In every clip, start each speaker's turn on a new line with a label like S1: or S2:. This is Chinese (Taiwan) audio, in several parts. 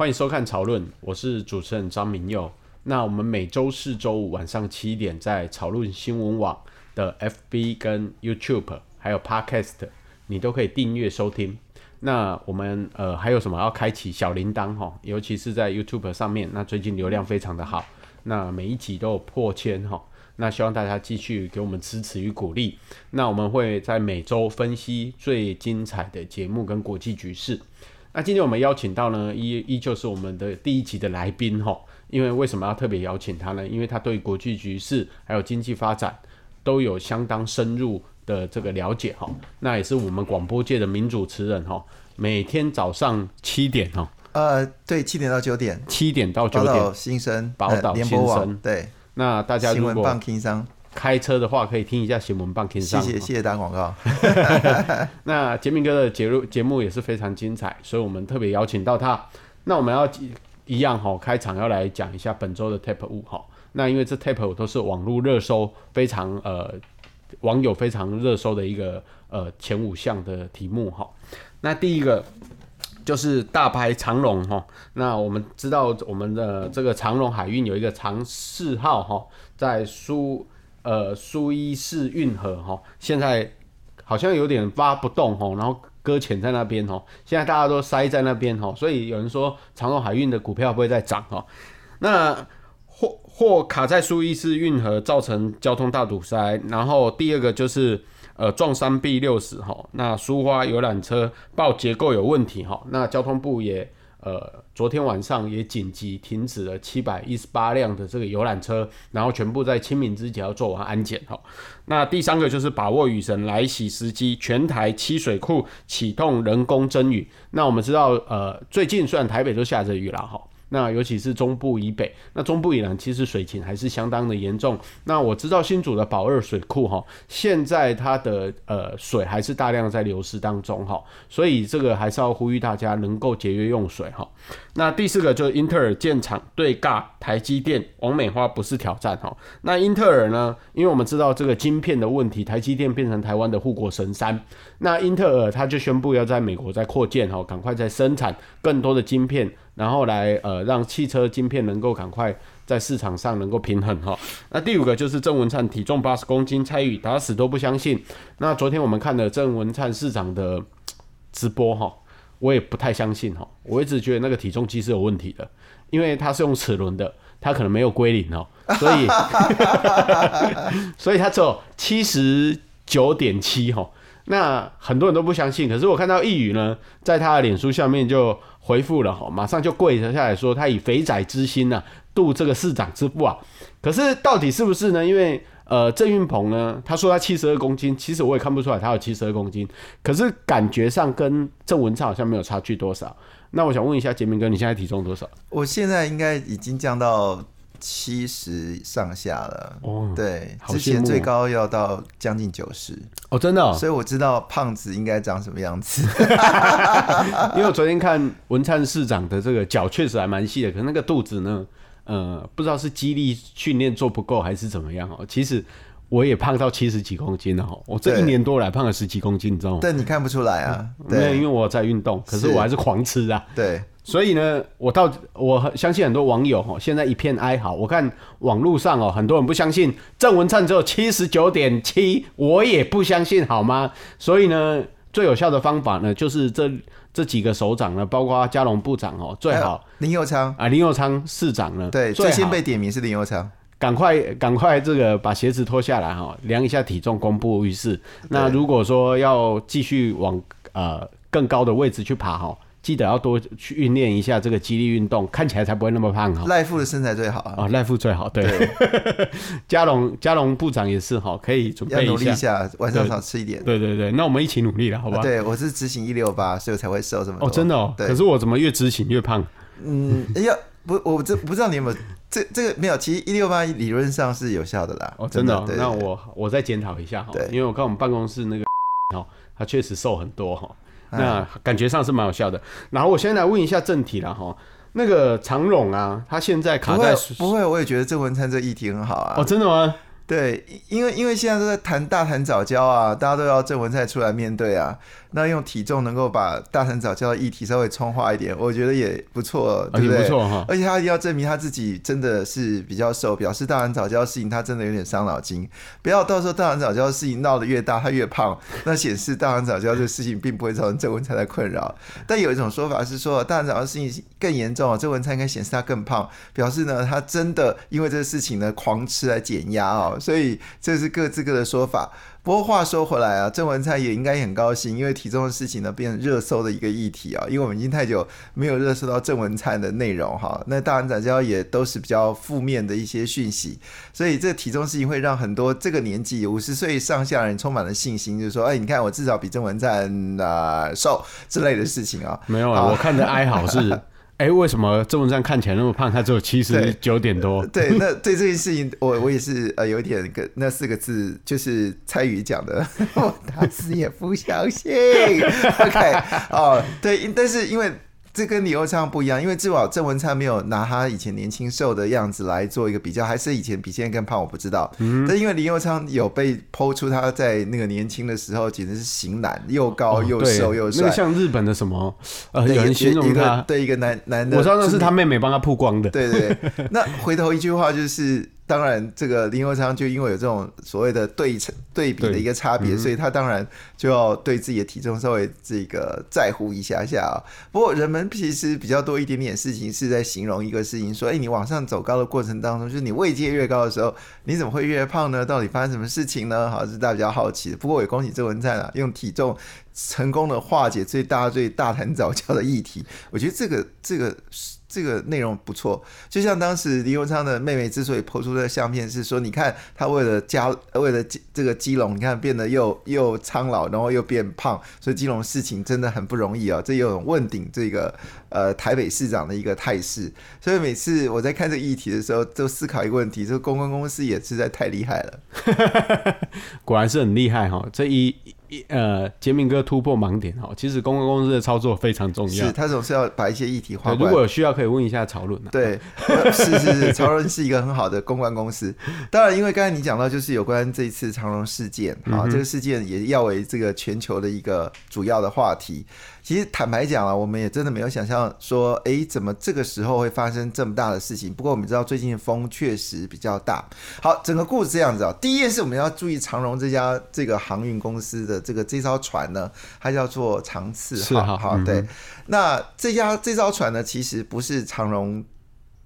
S1: 歡迎收看《潮論》，我是主持人張明佑。那我們每周四、周五晚上七點，在《潮論新聞網》的 FB 跟 YouTube 還有 Podcast，你都可以訂閱收聽。那我們呃還有什麼要開啟小鈴鐺哈、哦？尤其是在 YouTube 上面，那最近流量非常的好，那每一集都有破千哈、哦。那希望大家繼續給我們支持與鼓勵。那我們會在每周分析最精彩的節目跟國際局勢。那今天我們邀請到呢，依依舊是我們的第一集的來賓吼，因為為什麼要特別邀請他呢？因為他對國際局勢還有經濟發展都有相當深入的這個了解哈。那也是我們廣播界的名主持人哈，每天早上七點哈，呃，
S2: 對，七點到九點，七點到九點，新聲，寶島新聲。對，
S1: 那大家如果開車的話可以聽一下新聞棒聽上，謝謝謝謝打廣告。 那傑明哥的節錄節目也是非常精彩，所以我們特別邀請到他。那我們要一樣哈、喔，開場要來講一下本周的 TOP 五哈。那因為這 TOP 五都是網絡熱搜非常呃網友非常熱搜的一個呃前五項的題目哈、喔。那第一個就是大排長榮哈。那我們知道我們的這個長榮海運有一個長四號哈、喔，在蘇。呃，蘇伊士運河哈，現在好像有點挖不動哈，然後擱淺在那邊哈，現在大家都塞在那邊哈，所以有人說長榮海運的股票不會再漲哈。那貨貨卡在蘇伊士運河，造成交通大堵塞。然後第二個就是呃，撞山壁六死哈，那蘇花遊覽車爆結構有問題哈，那交通部也。呃，昨天晚上也緊急停止了七百一十八輛的這個遊覽車，然後全部在清明之前要做完安檢哈。那第三個就是把握雨神來襲時機，全台七水庫啟動人工增雨。那我們知道，呃，最近雖然台北都下着雨啦，哈。那尤其是中部以北，那中部以南其實水情還是相當的嚴重。那我知道新竹的寶二水庫哈，現在它的呃水還是大量在流失當中哈，所以這個還是要呼籲大家能夠節約用水哈。那第四個就是英特爾建廠對尬台積電，王美花不是挑戰哈。那英特爾呢，因為我們知道這個晶片的問題，台積電變成台灣的護國神山，那英特爾他就宣布要在美國再擴建哈，趕快再生產更多的晶片。然後來呃，讓汽車晶片能夠趕快在市場上能夠平衡哈、哦。那第五個就是鄭文燦，體重八十公斤，蔡易餘打死都不相信。那昨天我們看了鄭文燦市場的直播哈、哦，我也不太相信哈、哦。我一直覺得那個體重機是有問題的，因為它是用齒輪的，它可能沒有歸零哦，所以 所以它只有七十九點七哈。那很多人都不相信，可是我看到易餘呢，在他的臉書下面就回復了哈，馬上就跪下來說他以肥仔之心啊，度這個市長之腹啊。可是到底是不是呢？因為呃鄭運鵬呢，他說他七十二公斤，其實我也看不出來他有七十二公斤，可是感覺上跟鄭文燦好像沒有差距多少。那我想問一下杰明哥，你現在體重多少？我現在應該已經降到。七十上下
S2: 了，哦，oh, 對，之前最高要到將近九十，哦，真的，所以我知道胖子應該長什麼樣子。
S1: 因為我昨天看文燦市長的這個腳確實還蠻細的，可是那個肚子呢，呃，不知道是肌力訓練做不夠還是怎麼樣哦。其實我也胖到七十幾公斤了哈，我這一年多來胖了十幾公斤，你知道嗎？但你看不出來啊，對，因為我在運動，可是我還是狂吃啊，對。所以呢，我到我相信很多網友哦，現在一片哀嚎。我看網絡上哦，很多人不相信鄭文燦只有七十九點七，我也不相信，好嗎？所以呢，最有效的方法呢，就是這這幾個首長呢，包括佳龍部長哦，最好林右昌啊，呃，林右昌市長呢，對，最好，最先被點名是林右昌，趕快趕快這個把鞋子脫下來哈，量一下體重，公布於世。那如果說要繼續往呃更高的位置去爬哈。記得要多去訓練一下這個肌力運動，看起來才不會那麼胖哈。賴副的身材最好啊！哦，賴副最好，對。加龍加龍部長也是哈，可以準備一下，晚上少吃一點。對對對，那我們一起努力啦，好不好？對，我
S2: 是執行一六八，所以我才會瘦這麼多。哦，真的哦。對。可是
S1: 我怎麼越執行越胖？嗯，
S2: 哎呀，不我這不知道你有沒有這這個沒有？其實一六八理論上是
S1: 有效的啦。哦，真的哦。那我我再檢討一下哈，因為我看我們辦公室那個哈，他確實瘦很多哈。哎、那感覺上是蠻有效的，然後我先來問一下正題了哈，那個長榮啊，他現在卡在不會，我也覺得鄭文燦這個議題很好啊。哦，
S2: 真的嗎？對，因為因為現在都在談大談藻礁啊，大家都要鄭文燦出來面對啊。那用體重能夠把大潭藻礁的議題稍微沖化一點，我覺得也不錯，對不對？而且他要證明他自己真的是比較瘦，表示大潭藻礁的事情他真的有點傷腦筋。不要到時候大潭藻礁的事情鬧得越大，他越胖，那顯示大潭藻礁這個事情並不會造成鄭文燦的困擾。但有一種說法是說，大潭藻礁事情更嚴重，鄭文燦應該顯示他更胖，表示呢他真的因為這個事情呢狂吃來減壓哦。所以這是各自各的說法。不過話說回來啊，鄭文燦也應該也很高興，因為體重的事情呢變成熱搜的一個議題啊。因為我們已經太久沒有熱搜到鄭文燦的內容哈、啊，那大潭藻礁也都是比較負面的一些訊息，所以這體重事情會讓很多這個年紀五十歲上下人充滿了信心，就是說：“哎，你看我至少比鄭文燦啊、呃、瘦”之類的事情啊。沒有，啊。啊我看的哀嚎是。
S1: 哎、欸，為什麼鄭文燦看起來那麼胖？他只有七十九點多？對，對，
S2: 那對這件事情，我我也是呃有點個那四個字，就是蔡易餘講的，打 死也不相信。 OK，哦，對，但是因為。這跟李友昌不一樣，因為至少鄭文燦沒有拿他以前年輕瘦的樣子來做一個比較，還是以前比現在更胖，我不知道。嗯、但因為李友昌有被剖出他在那個年輕的時候，簡直是型男，又高又瘦又帥。哦。那個，像
S1: 日本的什麼呃，有人形容他
S2: 對一個男男的。我知道那是他妹
S1: 妹幫他曝光的。對，對對。
S2: 那回頭一句話就是。 當然，這個林國昌就因為有這種所謂的對稱對比的一個差別，所以他當然就要對自己的體重稍微這個在乎一下下啊、喔。不過，人們其實比較多一點點事情是在形容一個事情，說：“哎，你往上走高的過程當中，就是你位階越高的時候，你怎麼會越胖呢？到底發生什麼事情呢？”好像是大家比較好奇的。不過，我也恭喜鄭文燦啊，用體重成功的化解最大最大潭藻礁的議題。我覺得這個這個是。這個內容不錯，就像當時林右昌的妹妹之所以拋出的相片，是說你看他為了加為了這個基隆，你看變得又又蒼老，然後又變胖，所以基隆事情真的很不容易啊、哦，這有問鼎這個呃台北市長的一個態勢。所以每次我在看這個議題的時候，都思考一個問題，這個公關公司也實在太厲害了，
S1: 果然是很厲害哈、哦！這一。呃，杰明、嗯、哥突破盲點哦，其實公關公司的操作非常重要，是他總是要把一些議題化。如果有需要，可以問一下潮論、啊、對， 是是是，潮論是一個很好的公關公司。 當
S2: 然，因為剛才你講到，就是有關這次長榮事件啊，嗯、哼這個事件也要為這個全球的一個主要的話題。其實坦白講啊，我們也真的沒有想象說，哎、欸，怎麼這個時候會發生這麼大的事情？不過我們知道最近風確實比較大。好，整個故事這樣子啊，喔，第一件事我們要注意長榮這家這個航運公司的這個這艘船呢，它叫做長賜號，是，啊，好好對。嗯嗯，那這家這艘船呢，其實不是長榮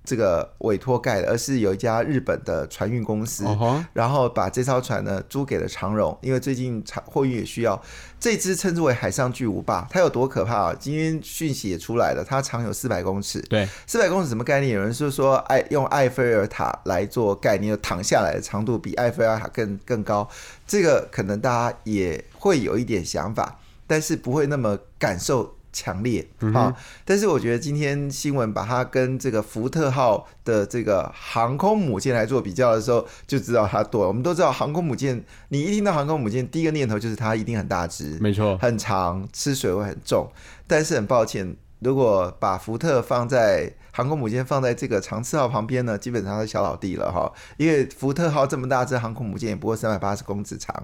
S2: 這個委託蓋的，而是有一家日本的船運公司，uh huh. 然後把這艘船呢租給了長榮，因為最近長貨運也需要。這支稱之為“海上巨無霸”，它有多可怕啊？今天訊息也出來了，它長有四百公尺。對，四百公尺什麼概念？有人說說愛，用艾菲爾塔來做概念，躺下來的長度比艾菲爾塔更更高。這個可能大家也會有一點想法，但是不會那麼感受。強烈好，嗯、哼但是我覺得今天新聞把它跟這個福特號的這個航空母艦來做比較的時候，就知道它多了，我們都知道航空母艦，你一聽到航空母艦，第一個念頭就是它一定很大隻，沒錯錯，很長，吃水會很重。但是很抱歉，如果把福特放在。航空母艦放在這個長賜號旁邊呢，基本上是小老弟了哈，因為福特號這麼大隻航空母艦也不過三百八十公尺長。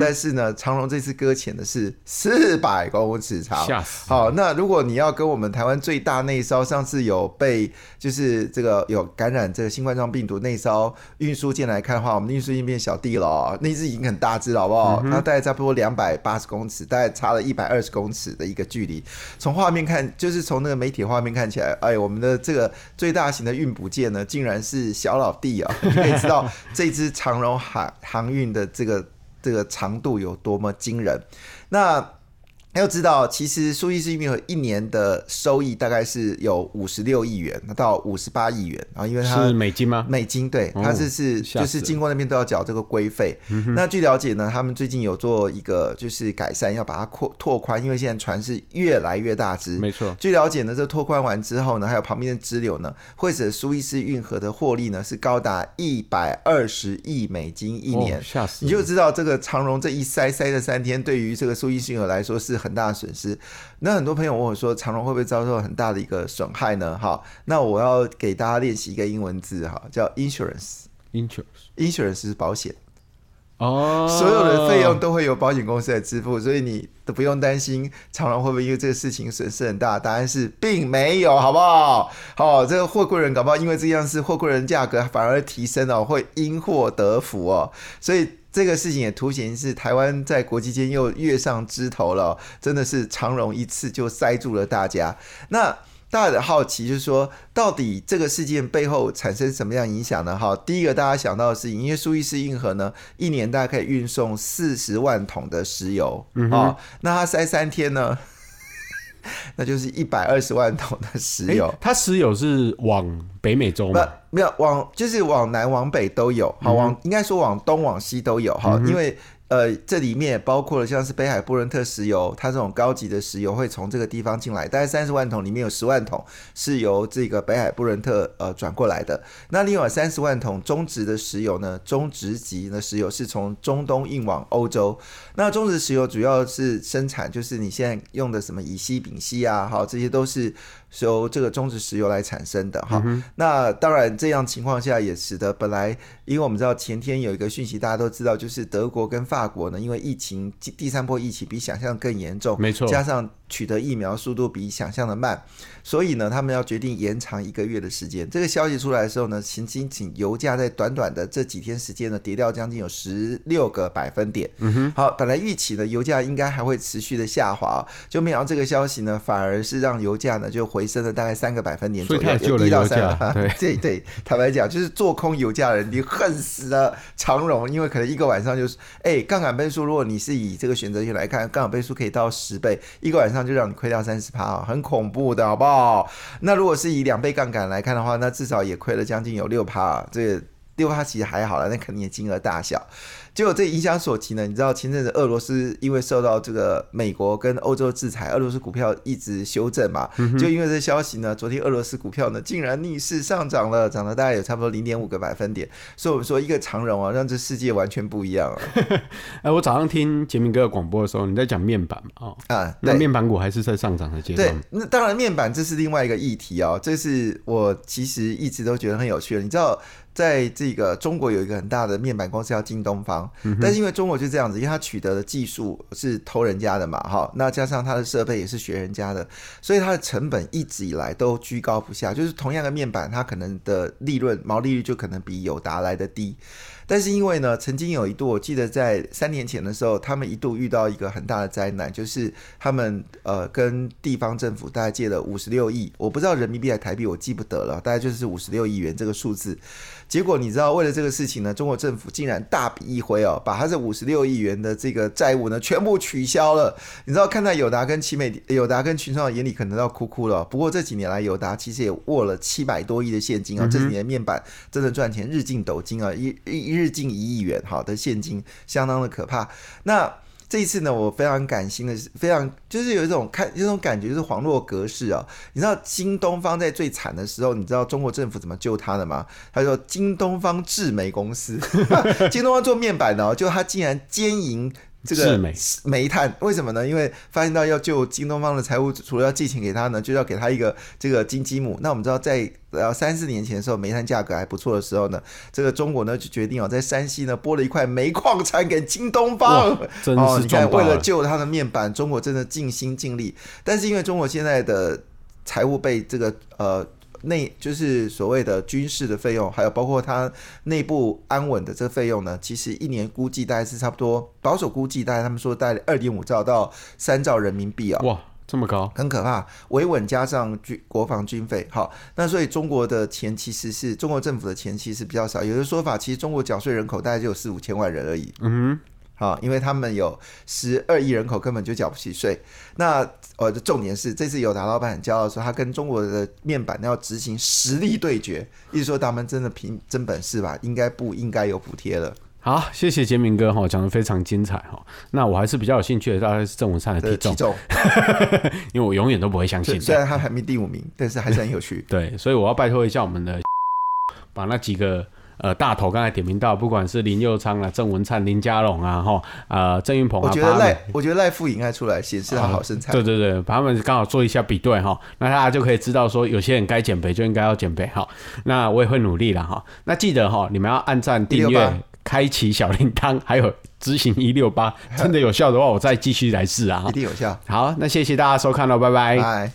S2: 但是呢，長榮這次擱淺的是四百公尺長。嚇死！好，那如果你要跟我們台灣最大那一艘上次有被就是這個有感染這個新冠狀病毒那一艘運輸艦來看的話，我們的運輸艦變小弟了，那一隻已經很大只了，好不好？那大概差不多兩百八十公尺，大概差了一百二十公尺的一個距離。從畫面看，就是從那個媒體畫面看起來，哎，我們的這個。個最大型的運補艦呢，竟然是小老弟啊、喔！你可以知道這支長榮航航運的這個這個長度有多麼驚人。那。要知道，其實蘇伊士運河一年的收益大概是有五十六億元，到五十八億元。啊，因為它是美金嗎？美金，對，哦、它這是是就是經過那邊都要繳這個規費。嗯、哼那據了解呢，他們最近有做一個就是改善，要把它擴拓寬，因為現在船是越來越大只。沒錯錯。據了解呢，這拓寬完之後呢，還有旁邊的支流呢，會使蘇伊士運河的獲利呢是高達一百二十億美金一年。嚇、哦、死！你就知道這個長榮這一塞塞的三天，對於這個蘇伊士運河來說是。很大的損失。那很多朋友問我說：“長榮會不會遭受很大的一個損害呢？”哈，那我要給大家練習一個英文字哈，叫 insurance。insurance est insurance 是保險哦，oh、所有的費用都會由保險公司來支付，所以你都不用擔心長榮會不會因為這個事情損失很大。答案是並沒有，好不好？好，這個貨櫃人搞不好因為這樣是貨櫃人價格反而提升哦，會因禍得福哦，所以。這個事情也凸顯是台灣在國際間又躍上枝頭了，真的是長榮一次就塞住了大家。那大家的好奇就是說，到底這個事件背後產生什麼樣影響呢？哈，第一個大家想到的是，因為蘇伊士運河呢，一年大概可以運送四十萬桶的石油啊、嗯哼哦，那它塞三天呢？那就是一百二十萬桶的石油，它、欸、石油是往北美洲嗎？不沒有，往就是往南往北都有，好往、嗯、應該說往東往西都有，好，嗯、哼、因為。呃，這裡面包括了像是北海布倫特石油，它這種高級的石油會從這個地方進來，大概三十萬桶，裡面有十萬桶是由這個北海布倫特呃轉過來的。那另外三十萬桶中質的石油呢，中質級的石油是從中東運往歐洲。那中質石油主要是生產，就是你現在用的什麼乙烯、丙烯啊，好，這些都是。是由這個中子石油來產生的哈，嗯、哼那當然這樣情況下也使得本來，因為我們知道前天有一個訊息，大家都知道，就是德國跟法國呢，因為疫情第三波疫情比想象更嚴重，沒錯，加上，取得疫苗速度比想象的慢，所以呢，他們要決定延長一個月的時間。這個消息出來的時候呢，僅僅僅油價在短短的這幾天時間呢，跌掉將近有十六個百分點。嗯哼，好，本來預期呢，油價應該還會持續的下滑，就沒想到這個消息呢，反而是讓油價呢就回升了大概三個百分點左右，一到三對。對對， 坦白講，就是做空油價的人，你恨死了長榮，因為可能一個晚上就是，哎，槓桿倍數，如果你是以這個選擇權來看，槓桿倍數可以到十倍，一個晚上。就讓你虧掉三十趴，啊、很恐怖的好不好？那如果是以兩倍槓桿來看的話，那至少也虧了將近有六趴，這六趴其實還好啦，那肯定也金額大小。就這影響所及呢，你知道前陣子俄羅斯因為受到這個美國跟歐洲制裁，俄羅斯股票一直修正嘛。嗯、哼就因為這消息呢，昨天俄羅斯股票呢竟然逆勢上漲了，漲了大概有差不多零點五個百分點。所以我們說一個長榮啊、喔，
S1: 讓這世界完全不一樣了、喔。哎、欸，我早上聽傑明哥的廣播的時候，你在講面板嘛？喔、啊，那面板股還是在上漲的階段。
S2: 對，那當然面板這是另外一個議題哦、喔。這是我其實一直都覺得很有趣的。你知道在這個中國有一個很大的面板公司叫京東方。但是因為中國就這樣子，因為它取得的技術是偷人家的嘛，哈，那加上它的設備也是學人家的，所以它的成本一直以來都居高不下。就是同樣的面板，它可能的利潤毛利率就可能比友達來的低。但是因為呢，曾經有一度，我記得在三年前的時候，他們一度遇到一個很大的災難，就是他們呃跟地方政府大概借了五十六億，我不知道人民幣還台幣，我記不得了，大概就是五十六億元這個數字。結果你知道，為了這個事情呢，中國政府竟然大筆一揮哦，把他這五十六億元的這個債務呢全部取消了。你知道，看在友達跟奇美、友達跟群創的眼裡可能都要哭哭了、哦。不過這幾年來，友達其實也握了七百多億的現金啊、哦，嗯、哼這幾年的面板真的賺錢，日進斗金啊、哦，一一。日進一億元，好的現金相當的可怕。那這一次呢，我非常感心的，是非常就是有一種看，有種感覺，就是恍若隔世啊。你知道京東方在最慘的時候，你知道中國政府怎麼救他的嗎？他說，京東方智美公司， 京東方做面板的、哦，就他竟然兼營。這個煤炭為什麼呢？因為發現到要救京東方的財務，除了要借錢給他呢，就要給他一個這個金雞母。那我們知道在，在呃三四年前的時候，煤炭價格還不錯的時候呢，這個中國呢就決定啊，在山西呢撥了一塊煤礦產給京東方。哦，真是壯壯！你看，為了救他的面板，中國真的盡心盡力。但是因為中國現在的財務被這個呃。內就是所謂的軍事的費用，還有包括它內部安穩的這個費用呢，其實一年估計大概是差不多，保守估計，大概他們說大概二點五兆到三兆人民幣啊、喔，哇，這麼高，很可怕，維穩加上軍國防軍費，好，那所以中國的錢其實是中國政府的錢其實比較少，有的說法其實中國繳稅人口大概就有四五千萬人而已，嗯。好，因為他們有十二億人口，根本就繳不起稅。那呃的重點是這次有達老板很驕傲說，他跟中國的面板要執行實力對決，意思說他們真的憑真本事吧，應該不應該有補貼
S1: 了。好，謝謝杰明哥哈，講的非常精彩哈。那我還是比較有興趣的，大概是鄭文燦的體重， 因為我永遠都不會相信。雖然
S2: 他排名第五名，但是還是很
S1: 有趣。對，所以我要拜托一下我們的，把那幾個。呃，大頭剛才點名到，不管是林右昌啊、鄭文燦、林佳龍啊，哈，呃，鄭運鵬啊，我覺得賴，巴
S2: 士，我覺得賴富應該出來顯
S1: 示他好身材啊。對對對，把他們剛好做一下比對哈，那大家就可以知道說，有些人該減肥就應該要減肥哈。那我也會努力了哈。那記得哈，你們要按讚訂閱，168。開啟小鈴鐺，還有執行一六八，真的有效的話，我再繼續來試啊。齁。一定有效。好，那謝謝大家收看嘍，拜拜。